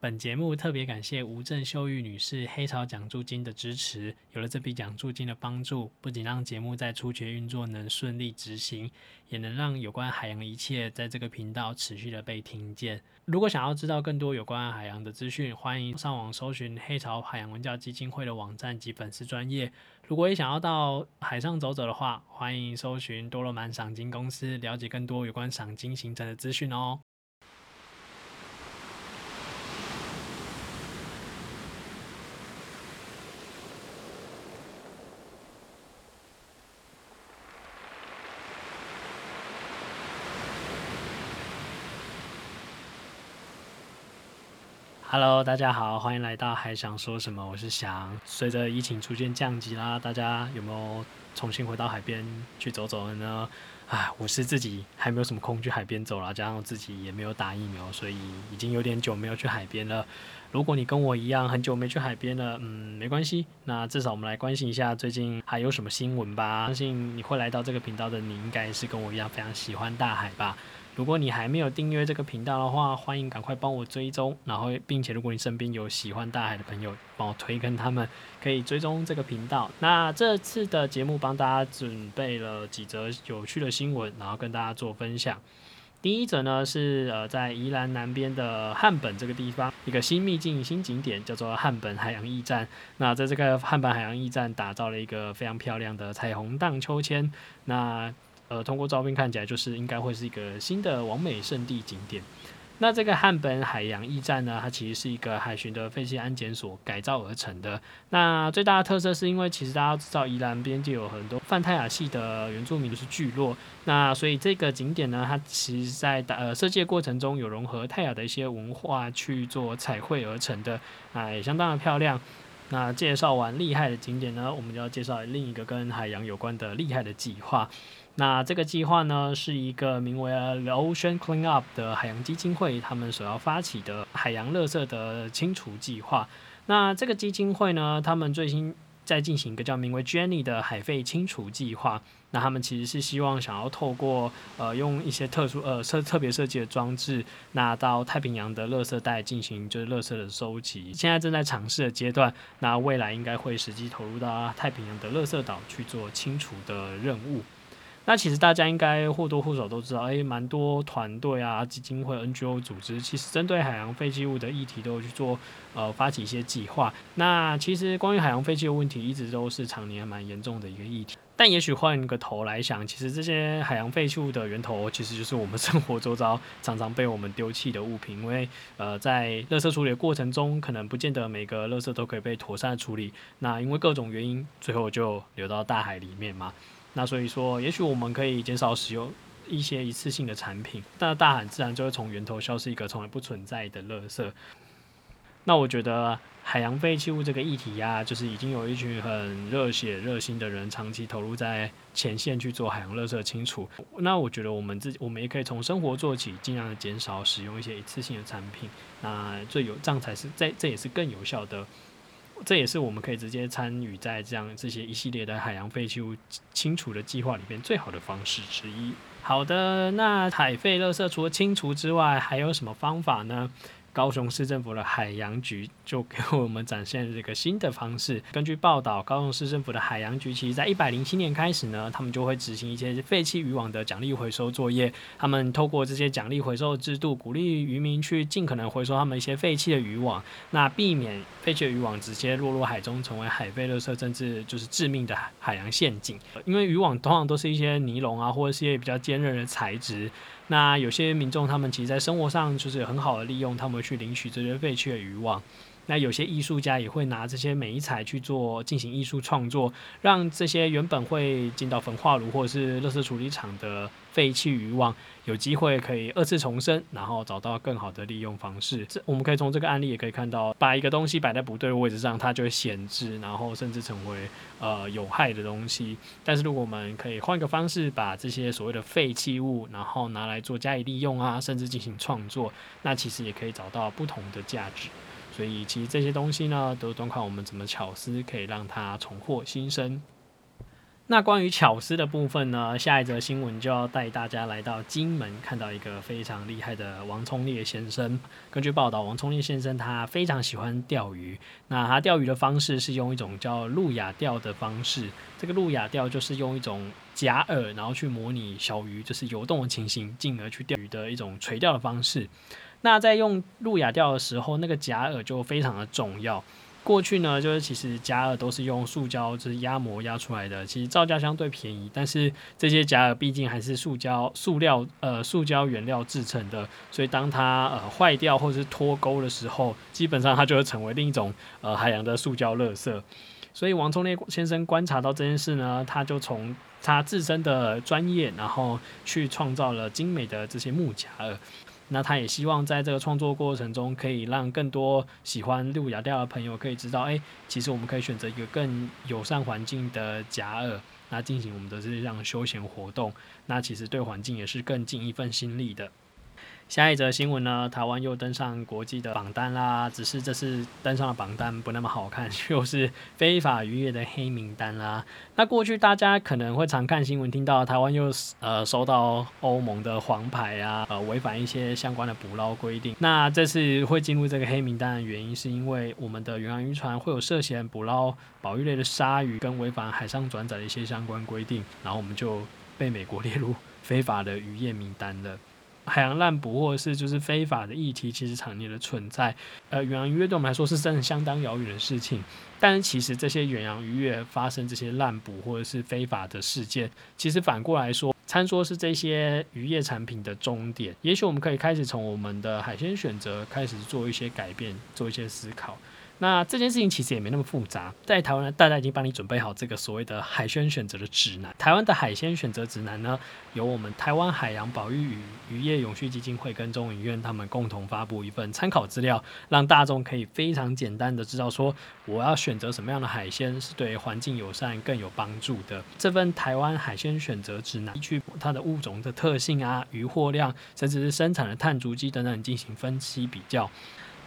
本節目特別感謝吳正秀玉女士黑潮獎助金的支持。有了這筆獎助金的幫助，不僅讓節目在初期運作能順利執行，也能讓有關海洋一切在這個頻道持續地被聽見。如果想要知道更多有關海洋的資訊，歡迎上網搜尋黑潮海洋文教基金會的網站及粉絲專頁。如果也想要到海上走走的話，歡迎搜尋多羅曼賞鯨公司，了解更多有關賞鯨行程的資訊哦。哈嘍，大家好，歡迎來到海想說什麼，我是想，隨着疫情逐漸降級啦，大家有沒有重新回到海邊去走走呢？啊，我是自己還沒有什麼空去海邊走啦，加上我自己也沒有打疫苗，所以已經有點久沒有去海邊了。如果你跟我一樣很久沒去海邊了，嗯，沒關係。那至少我們來關心一下最近海有什麼新聞吧。相信你會來到這個頻道的，你應該是跟我一樣非常喜歡大海吧。如果你還沒有訂閱這個頻道的話，歡迎趕快幫我追蹤，然後並且如果你身邊有喜歡大海的朋友，幫我推跟他們可以追蹤這個頻道。那這次的節目幫大家準備了幾則有趣的新聞，然後跟大家做分享。第一則呢是呃在宜蘭南邊的漢本這個地方，一個新秘境新景點叫做漢本海洋驛站。那在這個漢本海洋驛站打造了一個非常漂亮的彩虹盪秋千。那呃，通過照片看起來就是應該會是一個新的網美聖地景點。那這個漢本海洋驛站呢，它其實是一個海巡的廢棄安檢所改造而成的。那最大的特色是因為其實大家知道宜蘭邊界有很多泛泰雅系的原住民就是聚落，那所以這個景點呢，它其實在打呃設計的過程中有融合泰雅的一些文化去做彩繪而成的，啊，也相當的漂亮。那介紹完厲害的景點呢，我們就要介紹另一個跟海洋有關的厲害的計劃。那這個計劃呢，是一個名為 Ocean Cleanup 的海洋基金會，他們所要發起的海洋垃圾的清除計劃。那這個基金會呢，他們最新在進行一個叫名為 Jenny 的海廢清除計劃。那他們其實是希望想要透過呃用一些特殊呃設特別設計的裝置，那到太平洋的垃圾帶進行就是垃圾的收集。現在正在嘗試的階段，那未來應該會實際投入到太平洋的垃圾島去做清除的任務。那其實大家應該或多或少都知道，誒、欸，蠻多團隊啊、基金會、NGO 組織，其實針對海洋廢棄物的議題，都有去做呃發起一些計劃。那其實關於海洋廢棄物問題，一直都是常年蠻嚴重的一個議題。但也許換個頭來想，其實這些海洋廢棄物的源頭，其實就是我們生活周遭常常被我們丟棄的物品，因為呃，在垃圾處理的過程中，可能不見得每個垃圾都可以被妥善處理，那因為各種原因，最後就流到大海裡面嘛。那所以說，也許我們可以減少使用一些一次性的產品，那大海自然就會從源頭消失一個從來不存在的垃圾。那我覺得海洋廢棄物這個議題呀、啊，就是已經有一群很熱血熱心的人長期投入在前線去做海洋垃圾清除。那我覺得我們自己，我們也可以從生活做起，盡量減少使用一些一次性的產品。那最有這樣才是這，這也是更有效的。這也是我們可以直接參與在這樣這些一系列的海洋廢棄物清除的計劃裡面最好的方式之一。好的，那海廢垃圾除了清除之外，還有什麼方法呢？高雄市政府的海洋局就給我們展現了這個新的方式。根據報道，高雄市政府的海洋局其實在一百零七年開始呢，他們就會執行一些廢棄漁網的獎勵回收作業。他們透過這些獎勵回收的制度，鼓勵漁民去盡可能回收他們一些廢棄的漁網，那避免廢棄漁網直接落入海中，成為海貝勒色，甚至就是致命的海洋陷阱。因為漁網通常都是一些尼龍啊，或者是一些比較堅韌的材質。那有些民眾他們其實，在生活上就是有很好的利用他們。去領取這些廢棄的漁網。那有些藝術家也會拿這些媒材去做進行藝術創作，讓這些原本會進到焚化爐或者是垃圾處理廠的廢棄漁網，有機會可以二次重生，然後找到更好的利用方式。這我們可以從這個案例也可以看到，把一個東西擺在不對的位置上，它就會閒置，然後甚至成為呃有害的東西。但是，如果我們可以換一個方式，把這些所謂的廢棄物，然後拿來做加以利用啊，甚至進行創作，那其實也可以找到不同的價值。所以其實這些東西呢，都得看我們怎麼巧思，可以讓它重獲新生。那關於巧思的部分呢，下一則新聞就要帶大家來到金門，看到一個非常厲害的王聰烈先生。根據報道，王聰烈先生他非常喜歡釣魚，那他釣魚的方式是用一種叫路亞釣的方式。這個路亞釣就是用一種假餌，然後去模擬小魚就是游動的情形，進而去釣魚的一種垂釣的方式。那在用路亞釣的時候，那個假餌就非常的重要。過去呢，就是其實假餌都是用塑膠，就是壓模壓出來的，其實造價相對便宜。但是這些假餌畢竟還是塑膠、塑料、呃，塑膠原料制成的，所以當它呃壞掉或者是脫鈎的時候，基本上它就會成為另一種呃海洋的塑膠垃圾。所以王忠烈先生觀察到這件事呢，他就從他自身的專業，然後去創造了精美的這些木假餌。那他也希望在這個創作過程中，可以讓更多喜歡路亞釣的朋友可以知道，哎、欸，其實我們可以選擇一個更友善環境的假餌，那進行我們的這樣休閒活動，那其實對環境也是更盡一份心力的。下一則新聞呢？台灣又登上國際的榜單啦。只是這次登上的榜單不那麼好看，就是非法漁業的黑名單啦。那過去大家可能會常看新聞聽到，台灣又呃收到歐盟的黃牌啊，呃違反一些相關的捕撈規定。那這次會進入這個黑名單的原因，是因為我們的遠洋漁船會有涉嫌捕撈保育類的鯊魚，跟違反海上轉載的一些相關規定，然後我們就被美國列入非法的漁業名單了。海洋濫捕或者是就是非法的議題，其實常年的存在。呃，遠洋漁業對我們來說是真的相當遙遠的事情。但其實這些遠洋漁業發生這些濫捕或者是非法的事件，其實反過來說，餐桌是這些漁業產品的終點。也許我們可以開始從我們的海鮮選擇開始做一些改變，做一些思考。那這件事情其實也沒那麼複雜，在台灣呢，大家已經幫你準備好這個所謂的海鮮選擇的指南。台灣的海鮮選擇指南呢，由我們台灣海洋保育與漁業永續基金會跟中研院他們共同發布一份參考資料，讓大眾可以非常簡單的知道說，我要選擇什麼樣的海鮮是對環境友善更有幫助的。這份台灣海鮮選擇指南依據它的物種的特性啊、漁獲量，甚至是生產的碳足跡等等進行分析比較。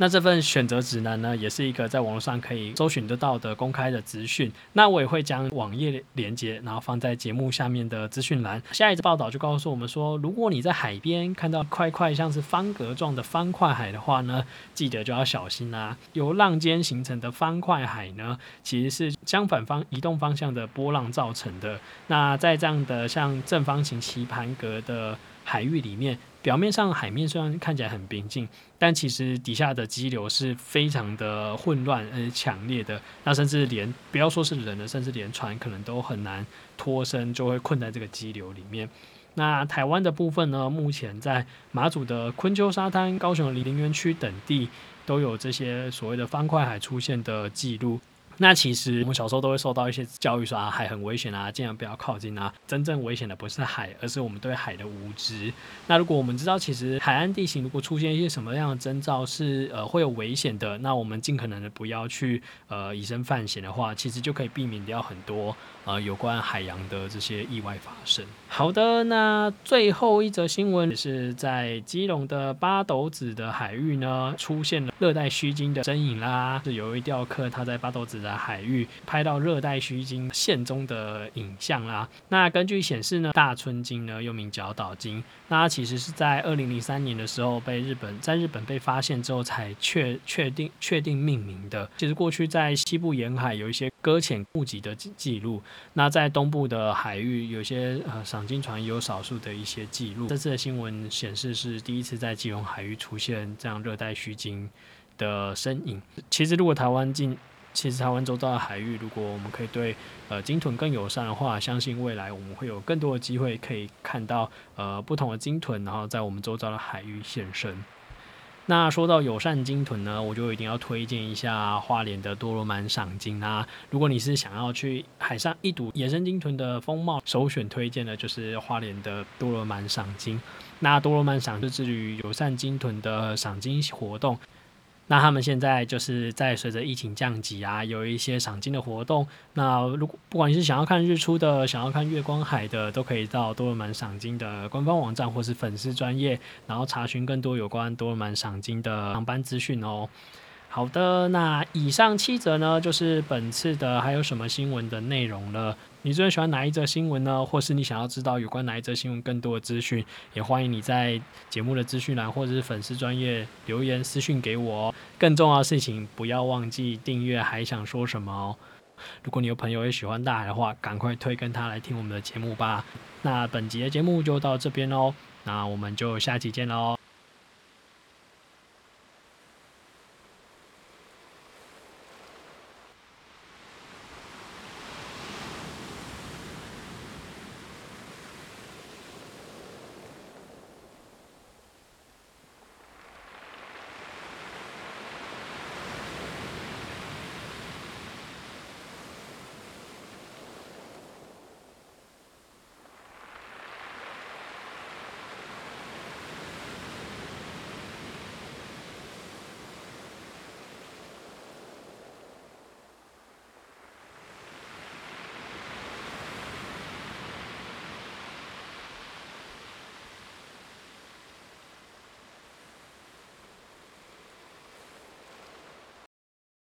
那這份選擇指南呢，也是一個在網絡上可以搜尋得到的公開的資訊。那我也會將網頁連結，然後放在節目下面的資訊欄。下一次報道就告訴我們說，如果你在海邊看到一塊塊像是方格狀的方塊海的話呢，記得就要小心啦、啊。由浪尖形成的方塊海呢，其實是相反方移動方向的波浪造成的。那在這樣的像正方形棋盤格的海域裡面，表面上海面雖然看起來很平靜，但其實底下的激流是非常的混亂，而強烈的。那甚至連不要說是人了，甚至連船可能都很難脫身，就會困在這個激流裡面。那台灣的部分呢，目前在馬祖的昆丘沙灘、高雄的林園區等地，都有這些所謂的方塊海出現的記錄。那其實我們小時候都會受到一些教育說啊，海很危險啊，盡量不要靠近啊。真正危險的不是海，而是我們對海的無知。那如果我們知道，其實海岸地形如果出現一些什麼樣的徵兆是呃會有危險的，那我們盡可能的不要去呃以身犯險的話，其實就可以避免掉很多。呃有關海洋的這些意外發生。好的，那最後一則新聞也是在基隆的八斗子的海域呢，出現了熱帶鬚鯨的身影啦。是有一位釣客他在八斗子的海域拍到熱帶鬚鯨現蹤的影像啦。那根據顯示呢，大村鯨呢又名角島鯨，那它其實是在二零零三年的時候被日本在日本被發現之後才確確定確定命名的。其實過去在西部沿海有一些擱淺目擊的記記錄。那在東部的海域，有些呃賞鯨船也有少數的一些記錄。這次的新聞顯示是第一次在基隆海域出現這樣熱帶須鯨的身影。其實如果台灣近，其實台灣周遭的海域，如果我們可以對呃鯨豚更友善的話，相信未來我們會有更多的機會可以看到呃不同的鯨豚，然後在我們周遭的海域現身。那說到友善鯨豚呢，我就一定要推薦一下花蓮的多羅滿賞鯨啦、啊。如果你是想要去海上一睹野生鯨豚的風貌，首選推薦的就是花蓮的多羅滿賞鯨。那多羅滿賞鯨是至於友善鯨豚的賞鯨活動。那他們現在就是在隨着疫情降級啊，有一些賞鯨的活動。那如果不管你是想要看日出的，想要看月光海的，都可以到多羅滿賞鯨的官方網站或是粉絲專頁，然後查詢更多有關多羅滿賞鯨的航班資訊哦。好的，那以上七則呢，就是本次的海有什麼新聞的內容了。你最喜歡哪一則新聞呢？或是你想要知道有關哪一則新聞更多的資訊，也歡迎你在節目的資訊欄或者是粉絲專業留言私訊給我哦。更重要的事情，不要忘記訂閱。還想說什麼哦？如果你有朋友也喜歡大海的話，趕快推跟他來聽我們的節目吧。那本集的節目就到這邊嘍，那我們就下期見嘍。